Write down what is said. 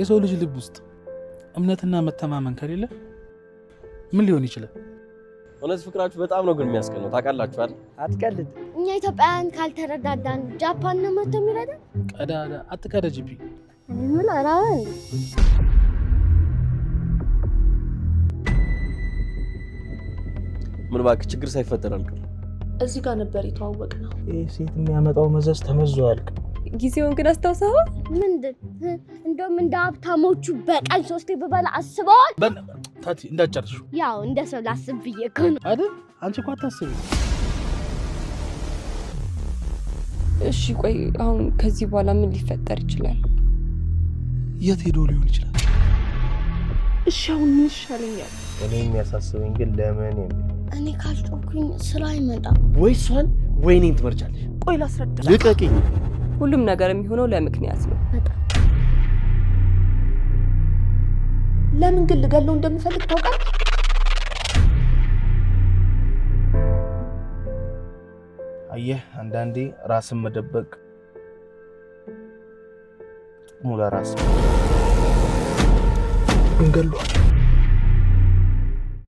የሰው ልጅ ልብ ውስጥ እምነትና መተማመን ከሌለ ምን ሊሆን ይችላል? እውነት ፍቅራችሁ በጣም ነው ግን የሚያስቀነው። ታውቃላችሁ አይደል? አትቀልድ። እኛ ኢትዮጵያውያን ካልተረዳዳን ጃፓን ነው መቶ የሚረዳ። ቀዳዳ አትቀደጅቢ። ምን አራበን ምን እባክህ፣ ችግር ሳይፈጠር አልቅም። እዚህ ጋር ነበር የተዋወቅነው። ይህ ሴት የሚያመጣው መዘዝ ተመዞ አልቅም ጊዜውን ግን አስታውሰው። ምንድን እንደውም እንደ ሀብታሞቹ በቀን ሶስቴ ብበላ አስበዋል። ታቲ እንዳትጨርሺው። ያው እንደ ሰው ላስብ ብዬ እኮ ነው አይደል? አንቺ እኮ አታስብ። እሺ ቆይ አሁን ከዚህ በኋላ ምን ሊፈጠር ይችላል? የት ሄዶ ሊሆን ይችላል? እሺ አሁን ምን ይሻለኛል? እኔ የሚያሳስበኝ ግን ለምን የሚለው እኔ ካልጮኩኝ ስራ አይመጣም። ወይ እሷን ወይኔን እኔን ትመርጫለሽ? ቆይ ላስረዳ። ልቀቂኝ ሁሉም ነገር የሚሆነው ለምክንያት ነው። ለምን ግን ልገለው እንደምፈልግ ታውቃለህ? አየህ፣ አንዳንዴ ራስን መደበቅ ሙላ ራስ እንገሏል።